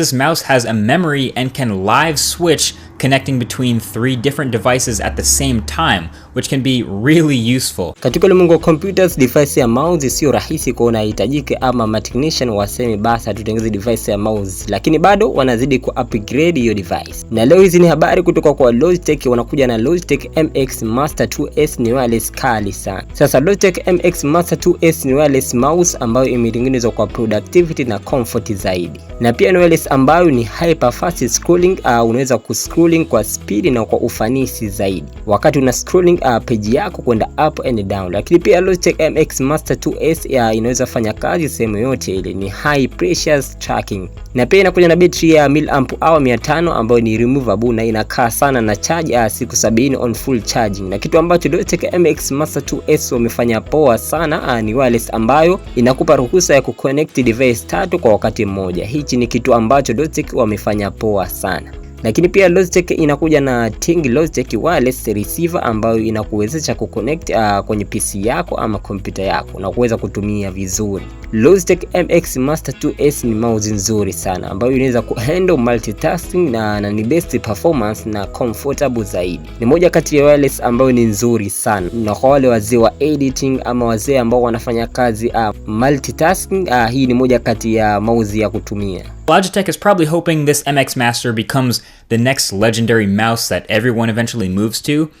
This mouse has a memory and can live switch connecting between three different devices at the same time, which can be really useful. Katika ulimwengu wa computers, device ya mouse sio rahisi kwa unahitajike ama matechnician waseme basi hatutengeze device ya mouse, lakini bado wanazidi ku upgrade hiyo device. Na leo hizi ni habari kutoka kwa Logitech, wanakuja na Logitech MX Master 2S, ni wireless kali sana. Sasa Logitech MX Master 2S ni wireless mouse ambayo imetengenezwa kwa productivity na comfort zaidi, na pia ni wireless ambayo ni hyper fast scrolling. Uh, unaweza kuscrolling kwa speed na kwa ufanisi zaidi wakati una scrolling uh, page yako kwenda up and down. Lakini pia Logitech MX Master 2S uh, inaweza fanya kazi sehemu yote ile, ni high pressure tracking, na pia inakuja na betri ya miliamp hour 500 ambayo ni removable na inakaa sana na charge uh, siku sabini on full charging, na kitu ambacho Logitech MX Master 2S wamefanya poa sana uh, ni wireless ambayo inakupa ruhusa ya kuconnect device tatu kwa wakati mmoja. Hichi ni kitu ambacho ambacho Logitech wamefanya poa sana. Lakini pia Logitech inakuja na Ting Logitech wireless receiver ambayo inakuwezesha kuconnect uh, kwenye PC yako ama kompyuta yako na kuweza kutumia vizuri. Logitech MX Master 2S ni mouse nzuri sana ambayo inaweza kuhandle multitasking na, na ni best performance na comfortable zaidi. Ni moja kati ya wireless ambayo ni nzuri sana na kwa wale wazee wa editing ama wazee ambao wanafanya kazi uh, multitasking uh, hii ni moja kati ya mouse ya kutumia. Logitech is probably hoping this MX Master becomes the next legendary mouse that everyone eventually moves to,